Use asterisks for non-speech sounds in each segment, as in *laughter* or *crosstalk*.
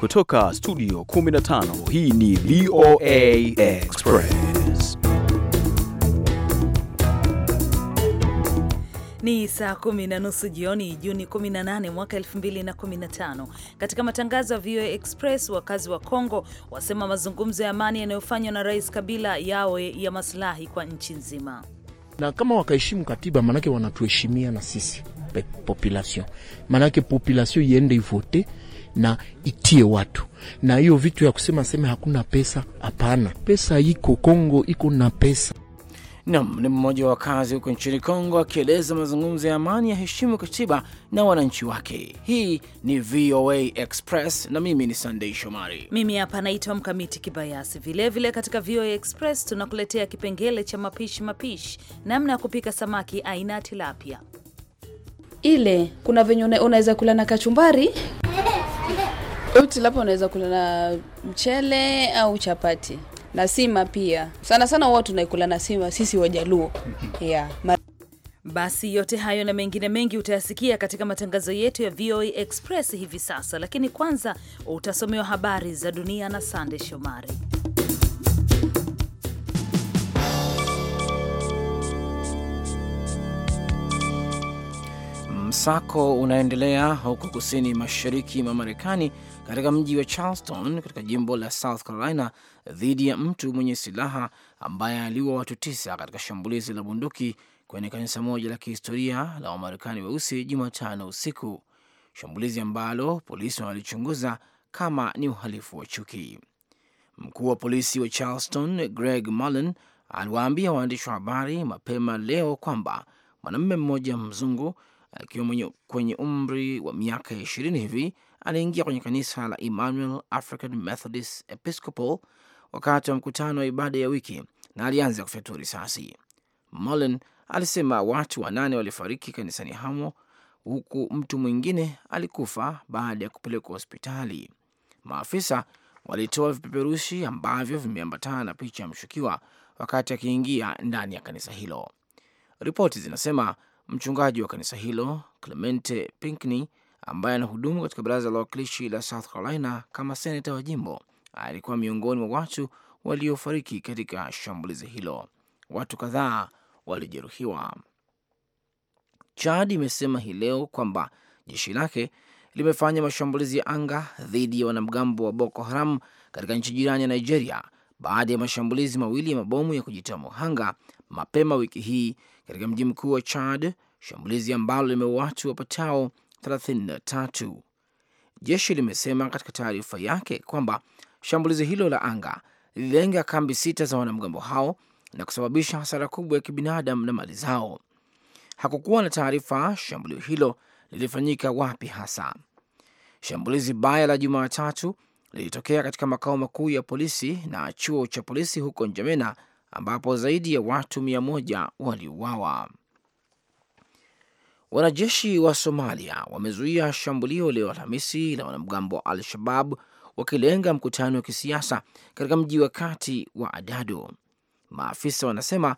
Kutoka studio 15 hii ni VOA Express. Ni saa kumi na nusu jioni Juni 18 mwaka 2015. Katika matangazo ya VOA Express, wakazi wa Kongo wasema mazungumzo ya amani yanayofanywa na Rais Kabila yawe ya maslahi kwa nchi nzima, na kama wakaheshimu katiba, maanake wanatuheshimia na sisi population, maanake population iende ivote na itie watu na hiyo vitu ya kusema sema hakuna pesa, hapana. Pesa iko Kongo, iko na pesa. Nam ni mmoja wa wakazi huko nchini Kongo akieleza mazungumzo ya amani ya heshimu katiba na wananchi wake. Hii ni VOA Express na mimi ni Sandei Shomari. Mimi hapa naitwa Mkamiti Kibayasi. Vilevile katika VOA Express tunakuletea kipengele cha mapishi mapishi, namna ya kupika samaki aina tilapia ile kuna venye unaweza kula na kachumbari uti lapo, unaweza kula na mchele au chapati na sima pia. Sana sana huwa tunaikula na sima sisi Wajaluo yeah. Basi yote hayo na mengine mengi utayasikia katika matangazo yetu ya VOA Express hivi sasa, lakini kwanza utasomewa habari za dunia na Sande Shomari. Msako unaendelea huko kusini mashariki mwa Marekani katika mji wa Charleston katika jimbo la South Carolina dhidi ya mtu mwenye silaha ambaye aliua watu tisa katika shambulizi la bunduki kwenye kanisa moja la kihistoria la Wamarekani weusi Jumatano usiku, shambulizi ambalo polisi wanalichunguza kama ni uhalifu wa chuki. Mkuu wa polisi wa Charleston Greg Mullen aliwaambia waandishi wa habari mapema leo kwamba mwanamume mmoja mzungu akiwa mwenye, kwenye umri wa miaka ya ishirini hivi aliingia kwenye kanisa la Emmanuel African Methodist Episcopal wakati wa mkutano wa ibada ya wiki na alianza kufyatua risasi. Mullen alisema watu wanane walifariki kanisani hamo huku mtu mwingine alikufa baada ya kupelekwa hospitali. Maafisa walitoa vipeperushi ambavyo vimeambatana na picha ya mshukiwa wakati akiingia ndani ya kanisa hilo. Ripoti zinasema Mchungaji wa kanisa hilo Clemente Pinkney, ambaye anahudumu katika baraza la wakilishi la South Carolina kama seneta wa jimbo, alikuwa miongoni mwa watu waliofariki katika shambulizi hilo. Watu kadhaa walijeruhiwa. Chad imesema hii leo kwamba jeshi lake limefanya mashambulizi ya anga dhidi ya wanamgambo wa Boko Haram katika nchi jirani ya Nigeria baada ya mashambulizi mawili ya mabomu ya kujitoa muhanga mapema wiki hii katika mji mkuu wa Chad, shambulizi ambalo limeua watu wapatao 33. Jeshi limesema katika taarifa yake kwamba shambulizi hilo la anga lililenga kambi sita za wanamgambo hao na kusababisha hasara kubwa ya kibinadamu na mali zao. Hakukuwa na taarifa shambulio hilo lilifanyika wapi hasa. Shambulizi baya la Jumatatu lilitokea katika makao makuu ya polisi na chuo cha polisi huko Njamena ambapo zaidi ya watu mia moja waliuawa. Wanajeshi wa Somalia wamezuia shambulio leo Alhamisi la wanamgambo wa Al-Shabab wakilenga mkutano wa kisiasa katika mji wa kati wa Adado. Maafisa wanasema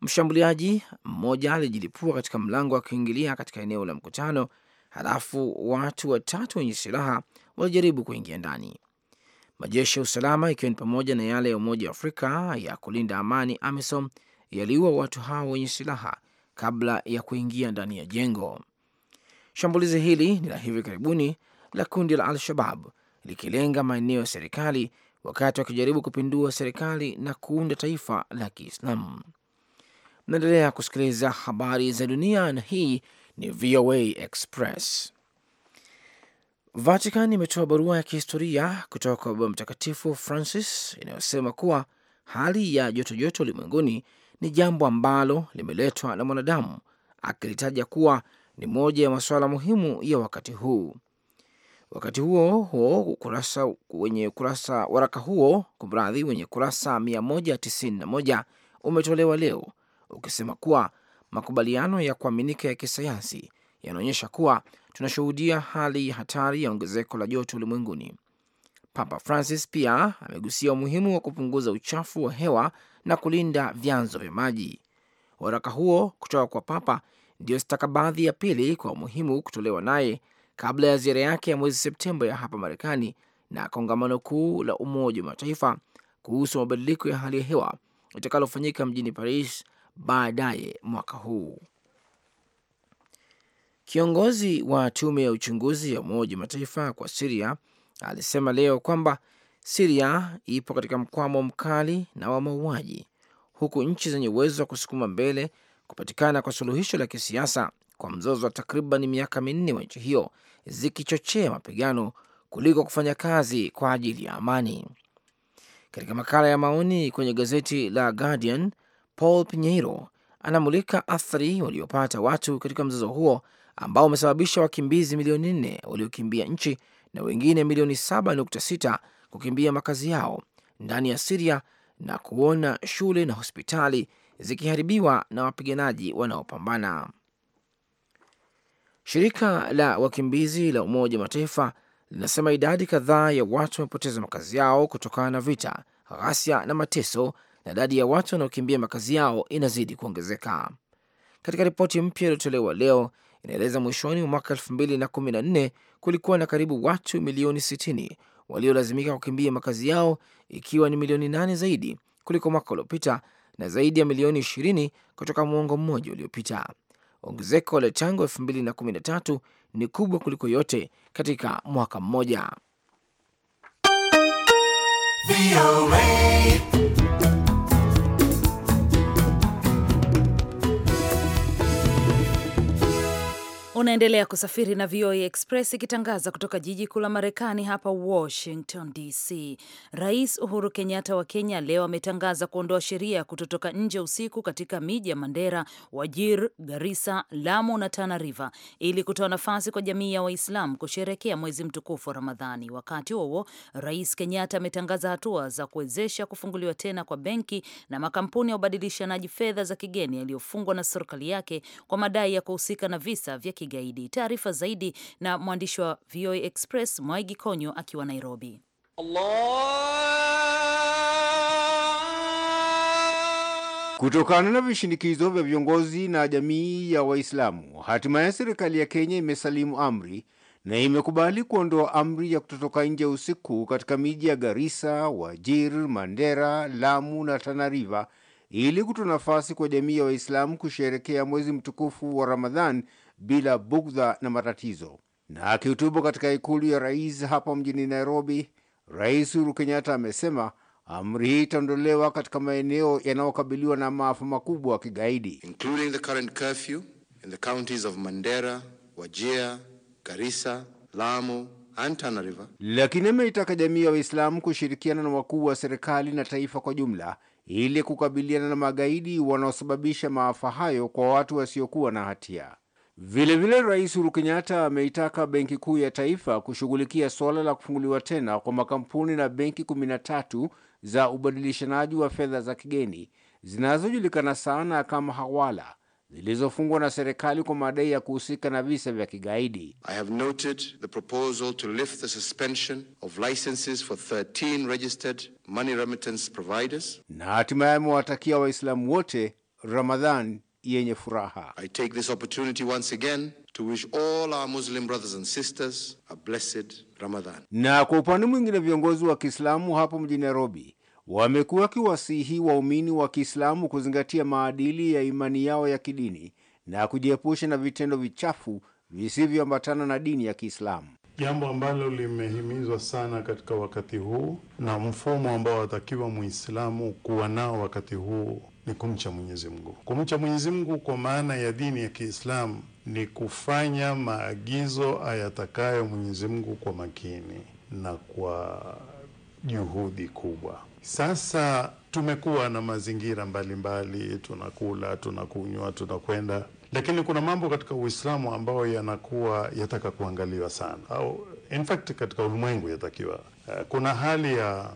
mshambuliaji mmoja alijilipua katika mlango wa kuingilia katika eneo la mkutano, halafu watu watatu wenye silaha walijaribu kuingia ndani. Majeshi ya usalama ikiwa ni pamoja na yale ya Umoja wa Afrika ya kulinda amani AMISOM yaliua watu hao wenye silaha kabla ya kuingia ndani ya jengo. Shambulizi hili ni la hivi karibuni la kundi la Al-Shabab likilenga maeneo ya serikali wakati wakijaribu kupindua serikali na kuunda taifa la Kiislamu. Mnaendelea kusikiliza habari za dunia, na hii ni VOA Express. Vatican imetoa barua ya kihistoria kutoka kwa Baba Mtakatifu Francis inayosema kuwa hali ya jotojoto ulimwenguni ni jambo ambalo limeletwa na mwanadamu, akilitaja kuwa ni moja ya masuala muhimu ya wakati huu. Wakati huo huo ukurasa wenye kurasa waraka huo kumradhi, wenye kurasa 191 umetolewa leo ukisema kuwa makubaliano ya kuaminika ya kisayansi yanaonyesha kuwa tunashuhudia hali ya hatari ya ongezeko la joto ulimwenguni. Papa Francis pia amegusia umuhimu wa kupunguza uchafu wa hewa na kulinda vyanzo vya maji. Waraka huo kutoka kwa Papa ndiyo stakabadhi ya pili kwa umuhimu kutolewa naye kabla ya ziara yake ya mwezi Septemba ya hapa Marekani na kongamano kuu la Umoja wa Mataifa kuhusu mabadiliko ya hali ya hewa itakalofanyika mjini Paris baadaye mwaka huu. Kiongozi wa tume ya uchunguzi ya Umoja wa Mataifa kwa Siria alisema leo kwamba Siria ipo katika mkwamo mkali na wa mauaji, huku nchi zenye uwezo wa kusukuma mbele kupatikana kwa suluhisho la kisiasa kwa mzozo wa takriban miaka minne wa nchi hiyo zikichochea mapigano kuliko kufanya kazi kwa ajili ya amani. Katika makala ya maoni kwenye gazeti la Guardian, Paul Pinheiro anamulika athari waliopata watu katika mzozo huo ambao umesababisha wakimbizi milioni nne waliokimbia nchi na wengine milioni 7.6 kukimbia makazi yao ndani ya Siria na kuona shule na hospitali zikiharibiwa na wapiganaji wanaopambana. Shirika la wakimbizi la Umoja wa Mataifa linasema idadi kadhaa ya watu wamepoteza makazi yao kutokana na vita, ghasia na mateso, na idadi ya watu wanaokimbia makazi yao inazidi kuongezeka. Katika ripoti mpya iliyotolewa leo inaeleza mwishoni mwa mwaka 2014 kulikuwa na karibu watu milioni 60 waliolazimika kukimbia makazi yao, ikiwa ni milioni nane zaidi kuliko mwaka uliopita na zaidi ya milioni 20 kutoka mwongo mmoja uliopita. Ongezeko la tangu 2013 ni kubwa kuliko yote katika mwaka mmoja. Unaendelea kusafiri na VOA Express ikitangaza kutoka jiji kuu la Marekani hapa Washington DC. Rais Uhuru Kenyatta wa Kenya leo ametangaza kuondoa sheria ya kutotoka nje usiku katika miji ya Mandera, Wajir, garisa Lamu na Tana River ili kutoa nafasi kwa jamii ya waislam kusherekea mwezi mtukufu wa Ramadhani. Wakati huo Rais Kenyatta ametangaza hatua za kuwezesha kufunguliwa tena kwa benki na makampuni ya ubadilishanaji fedha za kigeni yaliyofungwa na serikali yake kwa madai ya kuhusika na visa vya kigeni kigaidi. Taarifa zaidi na mwandishi wa VOA Express Mwaigi Konyo akiwa Nairobi. Kutokana na vishinikizo vya viongozi na jamii ya Waislamu, hatimaye serikali ya Kenya imesalimu amri na imekubali kuondoa amri ya kutotoka nje usiku katika miji ya Garissa, Wajir, Mandera, Lamu na Tana River ili kutoa nafasi kwa jamii ya Waislamu kusherekea mwezi mtukufu wa Ramadhan bila bugdha na matatizo. Na akihutubu katika ikulu ya rais hapa mjini Nairobi, Rais Uhuru Kenyatta amesema amri hii itaondolewa katika maeneo yanayokabiliwa na maafa makubwa ya kigaidi, including the current curfew in the counties of Mandera, Garissa, Lamu and Tana River. Lakini ameitaka jamii ya Waislamu kushirikiana na wakuu wa serikali na taifa kwa jumla ili kukabiliana na magaidi wanaosababisha maafa hayo kwa watu wasiokuwa na hatia. Vilevile Rais Uhuru Kenyatta ameitaka Benki Kuu ya Taifa kushughulikia suala la kufunguliwa tena kwa makampuni na benki 13 za ubadilishanaji wa fedha za kigeni zinazojulikana sana kama hawala zilizofungwa na serikali kwa madai ya kuhusika na visa vya kigaidi. I have noted the proposal to lift the suspension of licenses for 13 registered money remittance providers. Na hatimaye amewatakia Waislamu wote Ramadhan yenye furaha. I take this opportunity once again to wish all our Muslim brothers and sisters a blessed Ramadan. Na kwa upande mwingine, viongozi wa Kiislamu hapo mjini Nairobi wamekuwa wakiwasihi waumini wa Kiislamu kuzingatia maadili ya imani yao ya kidini na kujiepusha na vitendo vichafu visivyoambatana na dini ya Kiislamu, jambo ambalo limehimizwa sana katika wakati huu na mfumo ambao watakiwa Muislamu kuwa nao wakati huu ni kumcha Mwenyezi Mungu. Kumcha Mwenyezi Mungu kwa maana ya dini ya Kiislamu ni kufanya maagizo ayatakayo Mwenyezi Mungu kwa makini na kwa juhudi kubwa. Sasa tumekuwa na mazingira mbalimbali mbali, tunakula, tunakunywa, tunakwenda, lakini kuna mambo katika Uislamu ambayo yanakuwa yataka kuangaliwa sana, au in fact katika ulimwengu yatakiwa. Eh, kuna hali ya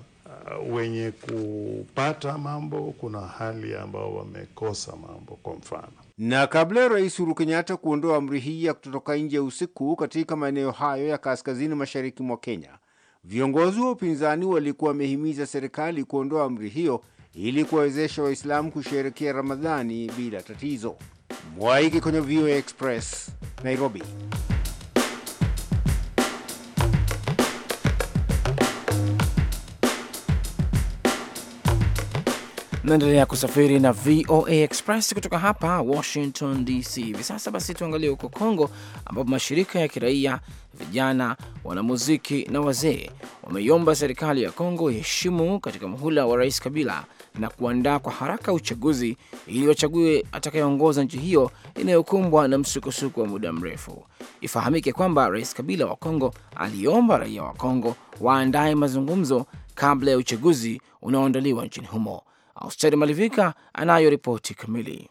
wenye kupata mambo, kuna hali ambao wamekosa mambo, kwa mfano. Na kabla ya Rais Uhuru Kenyatta kuondoa amri hii ya kutotoka nje usiku katika maeneo hayo ya kaskazini mashariki mwa Kenya, viongozi wa upinzani walikuwa wamehimiza serikali kuondoa amri hiyo ili kuwawezesha Waislamu kusherekea Ramadhani bila tatizo. Mwaiki kwenye VOA Express, Nairobi. Naendelea kusafiri na VOA Express kutoka hapa Washington DC. Hivi sasa basi, tuangalie huko congo ambapo mashirika ya kiraia, vijana, wanamuziki na wazee wameiomba serikali ya congo iheshimu katika muhula wa Rais Kabila na kuandaa kwa haraka uchaguzi ili wachague atakayeongoza nchi hiyo inayokumbwa na msukosuko wa muda mrefu. Ifahamike kwamba Rais Kabila wa congo aliomba raia wa congo waandaye mazungumzo kabla ya uchaguzi unaoandaliwa nchini humo. Austeri Malivika anayo ripoti kamili.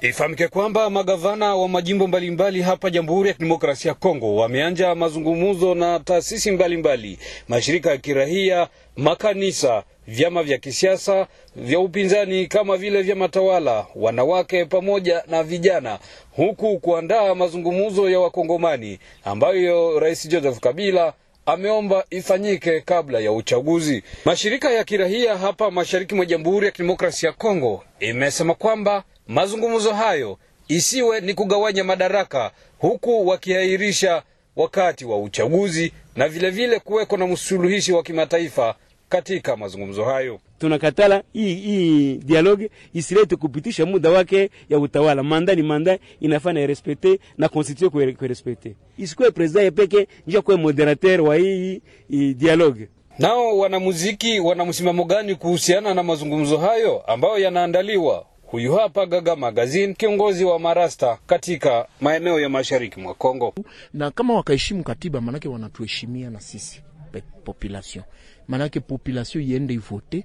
Ifahamike kwamba magavana wa majimbo mbalimbali mbali hapa Jamhuri ya Kidemokrasia ya Kongo wameanja mazungumzo na taasisi mbalimbali mashirika ya kiraia, makanisa, vyama vya kisiasa vya upinzani kama vile vyama tawala, wanawake pamoja na vijana, huku kuandaa mazungumzo ya Wakongomani ambayo Rais Joseph Kabila ameomba ifanyike kabla ya uchaguzi. Mashirika ya kirahia hapa mashariki mwa Jamhuri ya Kidemokrasia ya Kongo imesema kwamba mazungumzo hayo isiwe ni kugawanya madaraka, huku wakiahirisha wakati wa uchaguzi na vilevile kuweko na msuluhishi wa kimataifa katika mazungumzo hayo. Tunakatala hii hii dialogue isilete kupitisha muda wake ya utawala. Manda ni manda, inafaa na respecte na constitution kwa respecte, isikuwe president peke njia kwa moderateur wa hii dialogue. Nao wanamuziki wana msimamo gani kuhusiana na mazungumzo hayo ambayo yanaandaliwa? Huyu hapa Gaga Magazine, kiongozi wa marasta katika maeneo ya mashariki mwa Kongo. Na kama wakaheshimu katiba, maanake wanatuheshimia na sisi population maanake population iende ivote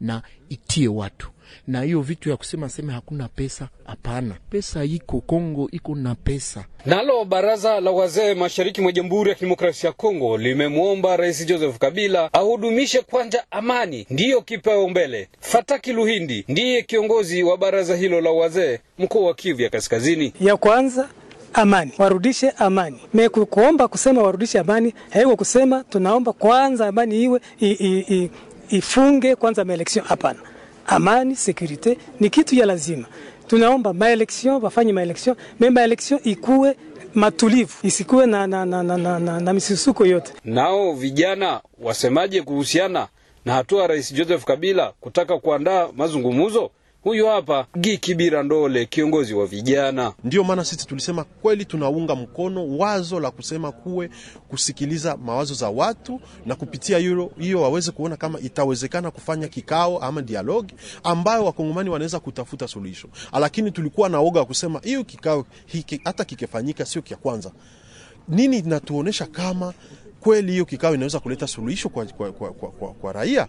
na itie watu na hiyo vitu ya kusema seme hakuna pesa, hapana. Pesa iko Kongo, iko na pesa. Nalo baraza la wazee mashariki mwa Jamhuri ya Kidemokrasia ya Kongo limemwomba Rais Joseph Kabila ahudumishe kwanza amani, ndiyo kipaumbele. Fataki Luhindi ndiye kiongozi wa baraza hilo la wazee mkoa wa Kivu ya Kaskazini. Ya kwanza amani, warudishe amani. mekuomba kuomba kusema warudishe amani haiko eh, kusema tunaomba kwanza amani iwe i, i, i, ifunge kwanza maelection. Hapana, amani security ni kitu ya lazima. Tunaomba maelection wafanye maelection, me maelection ikuwe matulivu isikuwe na, na, na, na, na, na, na misusuko yote. Nao vijana wasemaje kuhusiana na hatua Rais Joseph Kabila kutaka kuandaa mazungumzo? Huyu hapa Gikibira Ndole, kiongozi wa vijana. Ndiyo maana sisi tulisema kweli tunaunga mkono wazo la kusema kuwe kusikiliza mawazo za watu na kupitia hiyo waweze kuona kama itawezekana kufanya kikao ama dialogi ambayo wakongomani wanaweza kutafuta suluhisho, lakini tulikuwa na oga kusema hiyo kikao hiki hata kikifanyika sio kia kwanza. Nini natuonesha kama kweli hiyo kikao inaweza kuleta suluhisho kwa, kwa, kwa, kwa, kwa, kwa raia?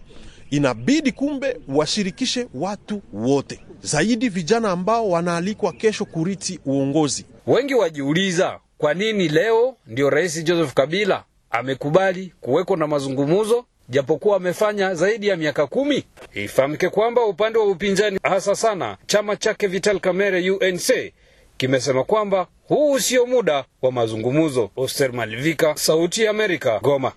inabidi kumbe washirikishe watu wote, zaidi vijana ambao wanaalikwa kesho kuriti uongozi. Wengi wajiuliza kwa nini leo ndio Rais Joseph Kabila amekubali kuweko na mazungumzo japokuwa amefanya zaidi ya miaka kumi. Ifahamike kwamba upande wa upinzani hasa sana chama chake Vital Kamerhe UNC kimesema kwamba huu sio muda wa mazungumzo. Oster Malivika, Sauti ya Amerika, Goma.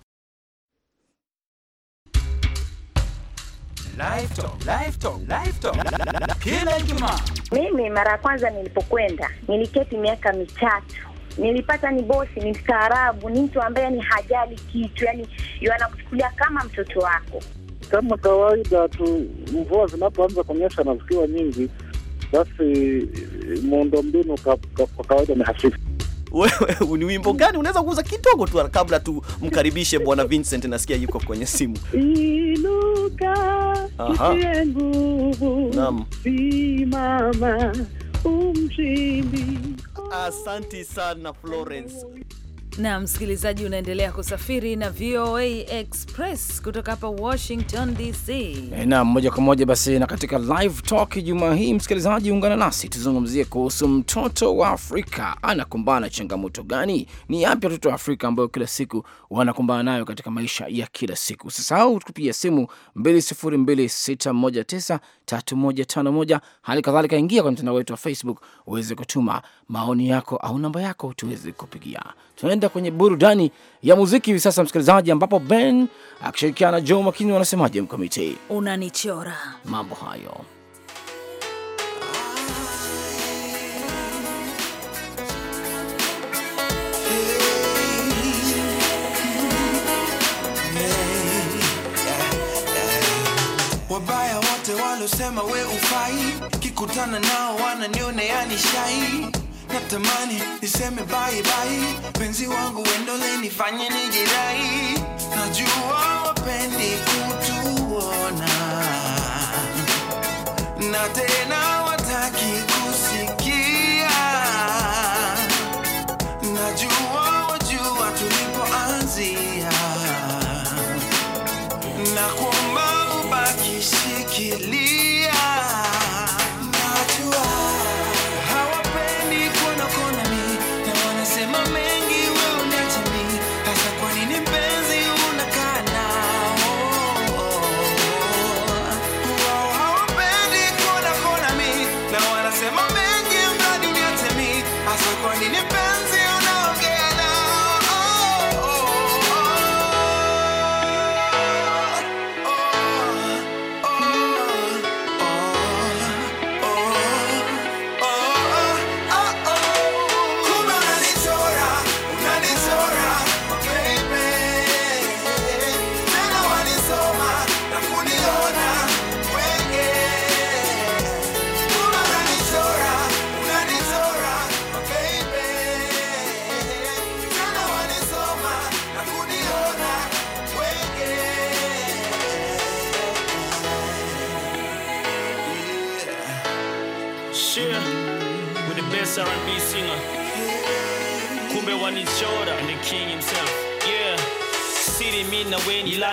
kila Ijumaa. Mimi mara ya kwanza nilipokwenda niliketi miaka mitatu nilipata ni bosi, ni mstaarabu, ni mtu ambaye ni hajali kitu, yani anakuchukulia kama mtoto wako. Kama kawaida tu, mvua zinapoanza kunyesha na zikiwa nyingi, basi eh, muundombinu kwa kawaida ni hafifu wewe ni wimbo gani unaweza kuuza kidogo tu, kabla tumkaribishe bwana Vincent, nasikia yuko kwenye simu. Inuka utie nguvu, simama umshindi. Asanti sana Florence na msikilizaji, unaendelea kusafiri na VOA Express kutoka hapa Washington DC. Eh, na moja kwa moja basi, na katika live talk jumaa hii, msikilizaji, ungana nasi tuzungumzie kuhusu mtoto wa Afrika anakumbana changamoto gani? Ni yapi watoto wa Afrika ambayo kila siku wanakumbana nayo katika maisha ya kila siku? Usisahau kupiga simu 2026193151 hali kadhalika, ingia kwenye mtandao wetu wa Facebook uweze kutuma maoni yako au namba yako tuweze kupigia. Tunaenda tunakwenda kwenye burudani ya muziki hivi sasa, msikilizaji, ambapo Ben akishirikiana na Joe Makini wanasemaje? Mkamiti unanichora mambo hayo Wabaya wote walosema we ufai, kikutana nao wananiona yani shai natamani niseme bye bye, penzi wangu wendo lenifanye nijirai, najua wapendi kutuona na tena wataki kusikia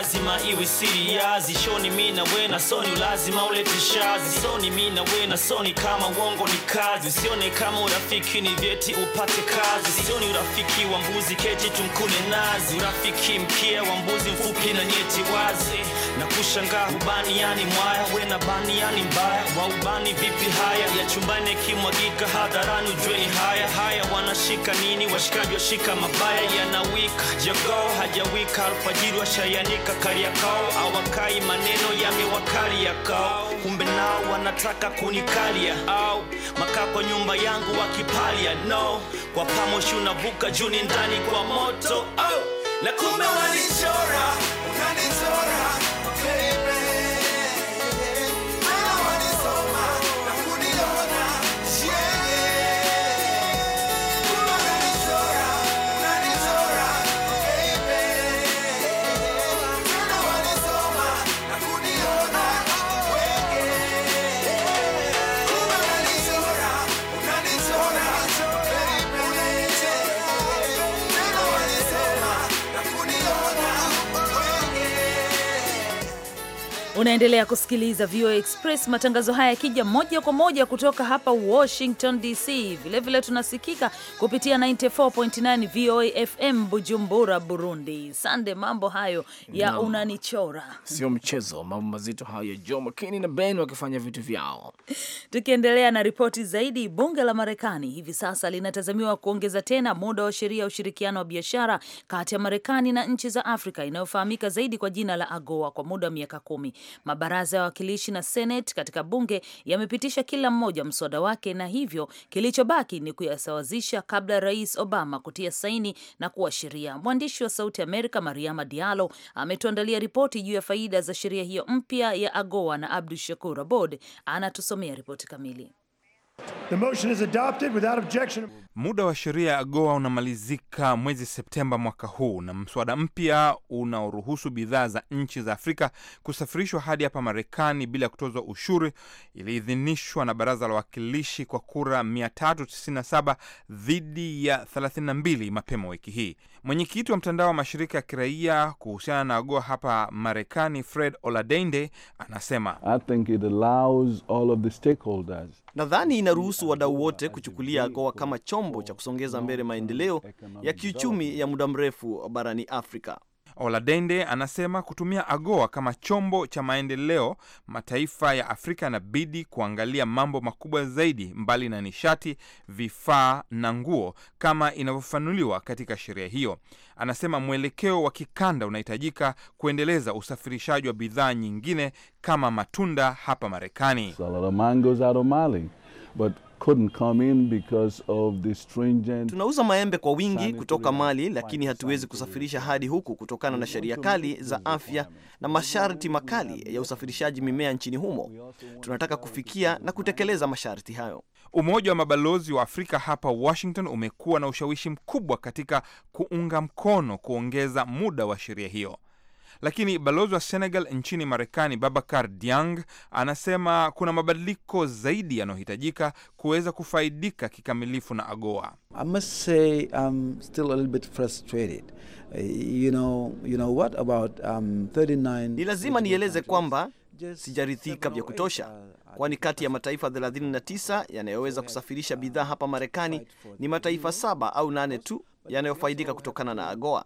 lazima iwe siri yazi shoni mi na we na soni lazima ulete shazi soni mi na we na soni kama uongo ni kazi usione kama urafiki ni vyeti upate kazi sioni urafiki wa mbuzi keti tumkune nazi urafiki mkia wa mbuzi mfupi na nyeti wazi na kushangaa ubani yani mwaya we na bani yani mbaya waubani vipi haya ya chumbani yakimwagika hadharani ujueni haya haya wanashika nini washikaji washika mabaya yanawika jagao hajawika alfajiri washayanika kariakao awakai maneno yamewakali yakao kumbe nao wanataka kunikalia au makako nyumba yangu wakipalia no kwa pamoshi unavuka juni ndani kwa moto oh. na kumbe wanichora wanichora Unaendelea kusikiliza VOA Express, matangazo haya yakija moja kwa moja kutoka hapa Washington DC. Vilevile vile tunasikika kupitia 94.9 VOA FM Bujumbura, Burundi. Sande, mambo hayo ya no. unanichora sio mchezo, mambo mazito hayo ya Jo Makini na Ben wakifanya vitu vyao. Tukiendelea na ripoti zaidi, bunge la Marekani hivi sasa linatazamiwa kuongeza tena muda wa sheria ya ushirikiano wa biashara kati ya Marekani na nchi za Afrika inayofahamika zaidi kwa jina la AGOA kwa muda wa miaka kumi. Mabaraza ya wawakilishi na Seneti katika bunge yamepitisha kila mmoja mswada wake, na hivyo kilichobaki ni kuyasawazisha kabla Rais Obama kutia saini na kuwa sheria. Mwandishi wa Sauti Amerika Mariama Diallo ametuandalia ripoti juu ya faida za sheria hiyo mpya ya AGOA na Abdu Shakur Abod anatusomea ripoti kamili. The motion is adopted without objection. Muda wa sheria ya AGOA unamalizika mwezi Septemba mwaka huu na mswada mpya unaoruhusu bidhaa za nchi za Afrika kusafirishwa hadi hapa Marekani bila kutozwa ushuru iliidhinishwa na Baraza la Wawakilishi kwa kura 397 dhidi ya 32 mapema wiki hii. Mwenyekiti wa mtandao wa mashirika ya kiraia kuhusiana na AGOA hapa Marekani, Fred Oladende anasema, nadhani inaruhusu kuruhusu wadau wote kuchukulia AGOA kama chombo cha kusongeza mbele maendeleo ya kiuchumi ya muda mrefu barani Afrika. Oladende anasema kutumia AGOA kama chombo cha maendeleo, mataifa ya Afrika yanabidi kuangalia mambo makubwa zaidi mbali na nishati, vifaa na nguo kama inavyofanuliwa katika sheria hiyo. Anasema mwelekeo wa kikanda unahitajika kuendeleza usafirishaji wa bidhaa nyingine kama matunda hapa Marekani. But Couldn't come in because of the stringent... Tunauza maembe kwa wingi kutoka Mali, lakini hatuwezi kusafirisha hadi huku kutokana na sheria kali za afya na masharti makali ya usafirishaji mimea nchini humo. Tunataka kufikia na kutekeleza masharti hayo. Umoja wa mabalozi wa Afrika hapa Washington umekuwa na ushawishi mkubwa katika kuunga mkono kuongeza muda wa sheria hiyo. Lakini balozi wa Senegal nchini Marekani, Babacar Diang, anasema kuna mabadiliko zaidi yanayohitajika kuweza kufaidika kikamilifu na AGOA. Eh, you know, you know what about, um, 39... Ni lazima nieleze kwamba sijarithika vya kutosha, uh, kwani kati ya mataifa 39 yanayoweza kusafirisha uh, bidhaa hapa Marekani ni mataifa saba au nane tu yanayofaidika kutokana na AGOA.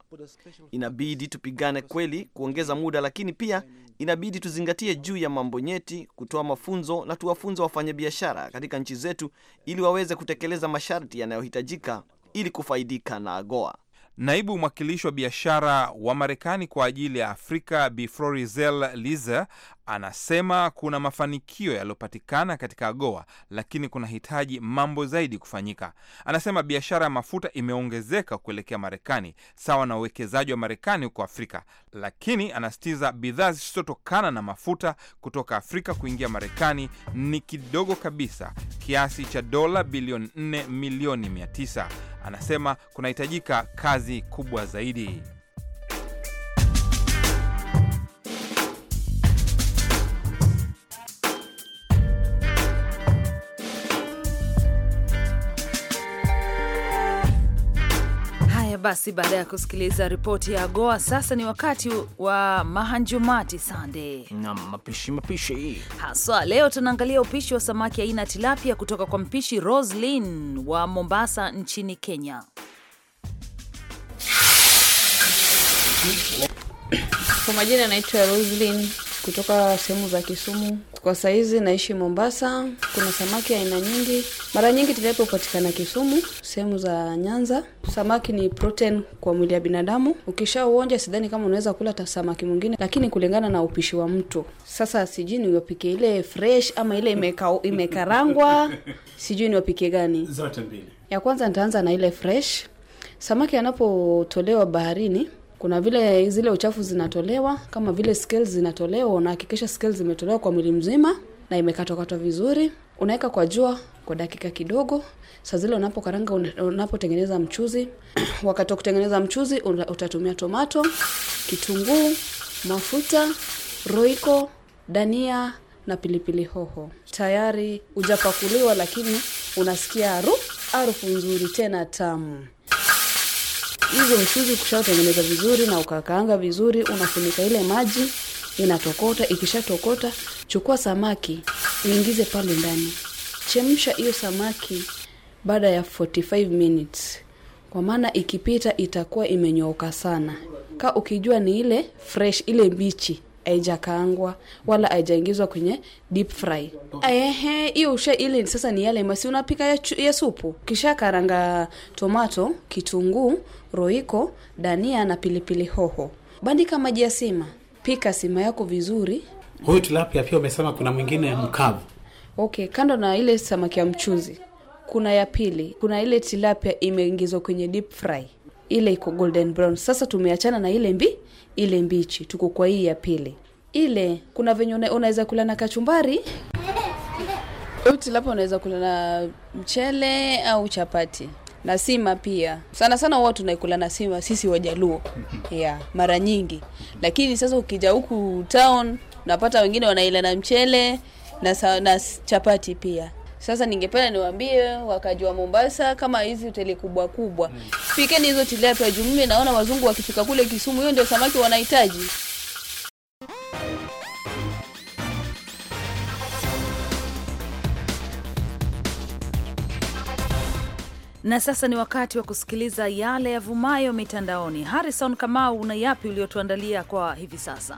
Inabidi tupigane kweli kuongeza muda, lakini pia inabidi tuzingatie juu ya mambo nyeti, kutoa mafunzo na tuwafunze wafanyabiashara katika nchi zetu ili waweze kutekeleza masharti yanayohitajika ili kufaidika na AGOA. Naibu mwakilishi wa biashara wa Marekani kwa ajili ya Afrika Bi Florizel Lize anasema kuna mafanikio yaliyopatikana katika AGOA, lakini kuna hitaji mambo zaidi kufanyika. Anasema biashara ya mafuta imeongezeka kuelekea Marekani sawa na uwekezaji wa Marekani huko Afrika, lakini anasitiza bidhaa zisizotokana na mafuta kutoka Afrika kuingia Marekani ni kidogo kabisa, kiasi cha dola bilioni 4 milioni 900. Anasema kunahitajika kazi kubwa zaidi. Basi baada ya kusikiliza ripoti ya AGOA, sasa ni wakati wa Mahanjumati Sande na mapishi mapishi haswa. Leo tunaangalia upishi wa samaki aina ya tilapia kutoka kwa mpishi Roslin wa Mombasa nchini Kenya. Kwa majina anaitwa Roslin kutoka sehemu za Kisumu. Kwa saizi naishi Mombasa. Kuna samaki aina nyingi, mara nyingi tunapopatikana Kisumu, sehemu za Nyanza. Samaki ni protein kwa mwili ya binadamu. Ukishauonja sidhani kama unaweza kula ta samaki mwingine, lakini kulingana na upishi wa mtu. Sasa sijui niwapike ile fresh ama ile imeka, imekarangwa *laughs* sijui niwapike gani. Zote mbili. Ya kwanza nitaanza na ile fresh. Samaki anapotolewa baharini kuna vile zile uchafu zinatolewa kama vile scales zinatolewa unahakikisha scales zimetolewa kwa mwili mzima na imekatwakatwa vizuri unaweka kwa jua kwa dakika kidogo saa zile unapokaranga unapotengeneza mchuzi *clears throat* wakati wa kutengeneza mchuzi utatumia tomato kitunguu mafuta roiko dania na pilipili hoho tayari ujapakuliwa lakini unasikia harufu nzuri tena tamu hizo mchuzi ukishatengeneza vizuri na ukakaanga vizuri, unafunika ile maji inatokota. Ikishatokota, chukua samaki uingize pale ndani, chemsha hiyo samaki baada ya 45 minutes, kwa maana ikipita itakuwa imenyooka sana, ka ukijua ni ile fresh, ile mbichi haijakaangwa wala haijaingizwa kwenye deep fry. Ehe, hiyo usha ile sasa ni yale masi unapika ya, ya supu, kisha karanga tomato, kitunguu, roiko, dania na pilipili hoho. Bandika maji ya sima, pika sima yako vizuri. Huyu tilapia pia umesema kuna mwingine mkavu. Okay, kando na ile samaki ya mchuzi kuna ya pili, kuna ile tilapia imeingizwa kwenye deep fry ile iko golden brown. Sasa tumeachana na ile mbi ile mbichi, tuko kwa hii ya pili. Ile kuna venye unaweza kula na kachumbari tilapa, unaweza kula na mchele au chapati na sima pia. Sana sana huwa tunaikula na sima sisi Wajaluo yeah, mara nyingi. Lakini sasa ukija huku town, napata wengine wanaila na mchele na, na chapati pia sasa ningependa niwaambie wakaji wa Mombasa, kama hizi hoteli kubwa kubwa, mm. pikeni hizo tilapia juu mimi naona wazungu wakifika kule Kisumu, hiyo ndio samaki wanahitaji. Na sasa ni wakati wa kusikiliza yale yavumayo mitandaoni. Harrison Kamau, una yapi uliotuandalia kwa hivi sasa?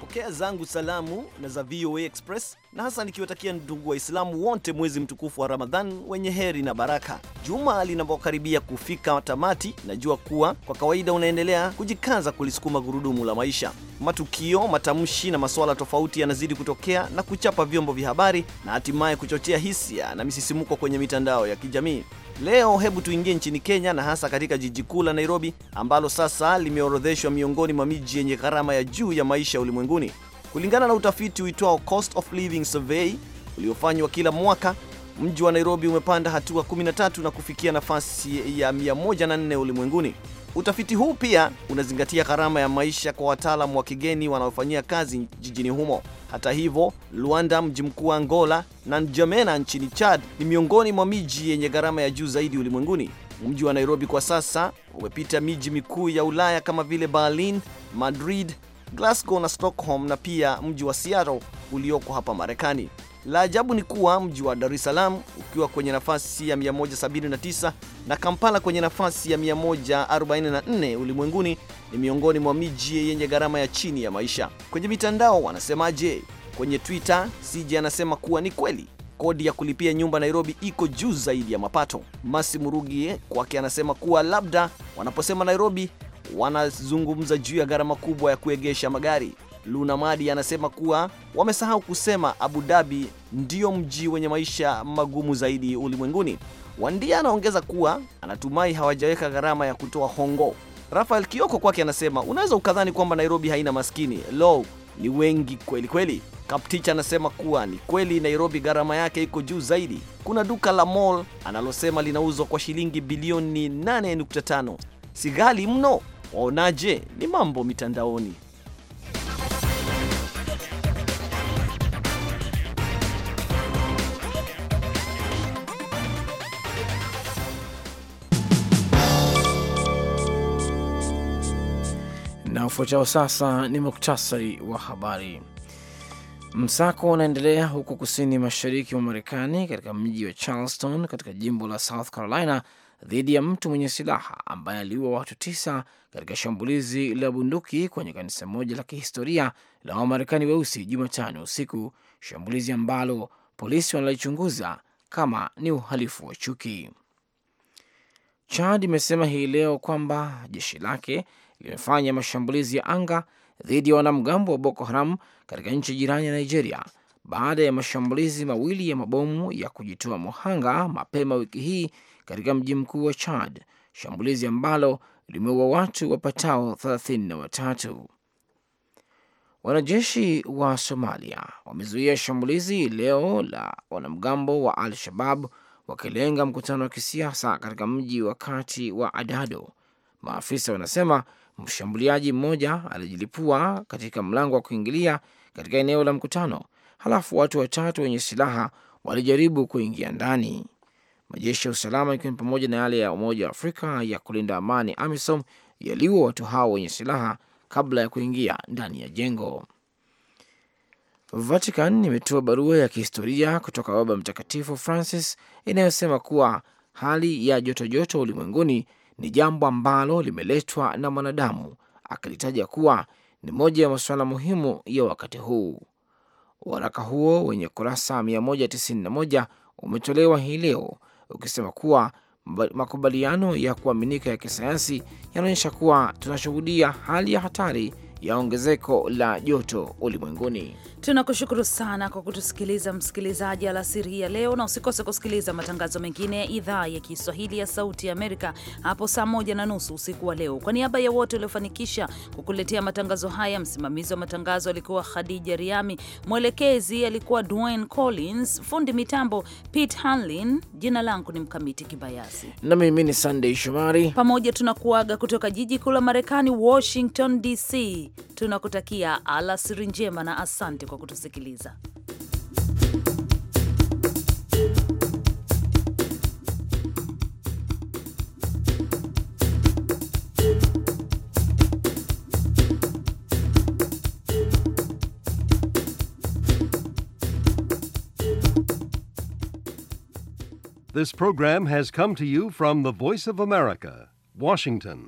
Pokea zangu salamu na za VOA Express, na hasa nikiwatakia ndugu Waislamu wote mwezi mtukufu wa Ramadhan wenye heri na baraka. Juma linapokaribia kufika tamati, najua kuwa kwa kawaida unaendelea kujikaza kulisukuma gurudumu la maisha. Matukio, matamshi na masuala tofauti yanazidi kutokea na kuchapa vyombo vya habari na hatimaye kuchochea hisia na misisimuko kwenye mitandao ya kijamii. Leo hebu tuingie nchini Kenya na hasa katika jiji kuu la Nairobi ambalo sasa limeorodheshwa miongoni mwa miji yenye gharama ya juu ya maisha ulimwenguni kulingana na utafiti uitwao Cost of Living Survey uliofanywa kila mwaka. Mji wa Nairobi umepanda hatua 13 na kufikia nafasi ya 104 ulimwenguni. Utafiti huu pia unazingatia gharama ya maisha kwa wataalamu wa kigeni wanaofanyia kazi jijini humo. Hata hivyo, Luanda, mji mkuu wa Angola, na Njamena nchini Chad ni miongoni mwa miji yenye gharama ya juu zaidi ulimwenguni. Mji wa Nairobi kwa sasa umepita miji mikuu ya Ulaya kama vile Berlin, Madrid, Glasgow na Stockholm na pia mji wa Seattle ulioko hapa Marekani. La ajabu ni kuwa mji wa Dar es Salaam ukiwa kwenye nafasi ya 179 na Kampala kwenye nafasi ya 144 ulimwenguni ni miongoni mwa miji yenye gharama ya chini ya maisha. Kwenye mitandao wanasemaje? Kwenye Twitter CJ anasema kuwa ni kweli kodi ya kulipia nyumba Nairobi iko juu zaidi ya mapato. Masi murugi kwake anasema kuwa labda wanaposema Nairobi wanazungumza juu ya gharama kubwa ya kuegesha magari. Luna Madi anasema kuwa wamesahau kusema Abu Dhabi ndio mji wenye maisha magumu zaidi ulimwenguni. Wandia anaongeza kuwa anatumai hawajaweka gharama ya kutoa hongo. Rafael Kioko kwake anasema unaweza ukadhani kwamba Nairobi haina maskini, lo, ni wengi kweli kweli. Kapticha anasema kuwa ni kweli Nairobi gharama yake iko juu zaidi. Kuna duka la mall analosema linauzwa kwa shilingi bilioni 8.5. Sigali mno. Waonaje? Ni mambo mitandaoni. Ufuatao sasa ni muktasari wa habari. Msako unaendelea huko kusini mashariki mwa Marekani, katika mji wa Charleston katika jimbo la South Carolina dhidi ya mtu mwenye silaha ambaye aliua watu tisa katika shambulizi la bunduki kwenye kanisa moja la kihistoria la Wamarekani weusi Jumatano usiku, shambulizi ambalo polisi wanalichunguza kama ni uhalifu wa chuki. Chad imesema hii leo kwamba jeshi lake limefanya mashambulizi ya anga dhidi ya wanamgambo wa Boko Haram katika nchi jirani ya Nigeria baada ya mashambulizi mawili ya mabomu ya kujitoa muhanga mapema wiki hii katika mji mkuu wa Chad, shambulizi ambalo limeua watu wapatao thelathini na watatu. Wanajeshi wa Somalia wamezuia shambulizi leo la wanamgambo wa Al-Shabab wakilenga mkutano wa kisiasa katika mji wa kati wa Adado. Maafisa wanasema Mshambuliaji mmoja alijilipua katika mlango wa kuingilia katika eneo la mkutano, halafu watu watatu wenye silaha walijaribu kuingia ndani. Majeshi ya usalama ikiwa ni pamoja na yale ya Umoja wa Afrika ya kulinda amani AMISOM yaliua watu hao wenye silaha kabla ya kuingia ndani ya jengo. Vatican imetoa barua ya kihistoria kutoka Baba Mtakatifu Francis inayosema kuwa hali ya jotojoto ulimwenguni ni jambo ambalo limeletwa na mwanadamu, akilitaja kuwa ni moja ya masuala muhimu ya wakati huu. Waraka huo wenye kurasa 191 umetolewa hii leo ukisema kuwa makubaliano ya kuaminika ya kisayansi yanaonyesha kuwa tunashuhudia hali ya hatari ya ongezeko la joto ulimwenguni. Tunakushukuru sana kwa kutusikiliza msikilizaji alasiri ya leo, na usikose kusikiliza matangazo mengine ya idhaa ya Kiswahili ya Sauti ya Amerika hapo saa moja na nusu usiku wa leo. Kwa niaba ya wote waliofanikisha kukuletea matangazo haya, msimamizi wa matangazo alikuwa Khadija Riami, mwelekezi alikuwa Dwayne Collins, fundi mitambo Pete Hanlin. Jina langu ni Mkamiti Kibayasi na mimi ni Sandey Shomari. Pamoja tunakuaga kutoka jiji kuu la Marekani, Washington DC. tunakutakia alasiri njema na asante kwa kutusikiliza. This program has come to you from the Voice of America, Washington.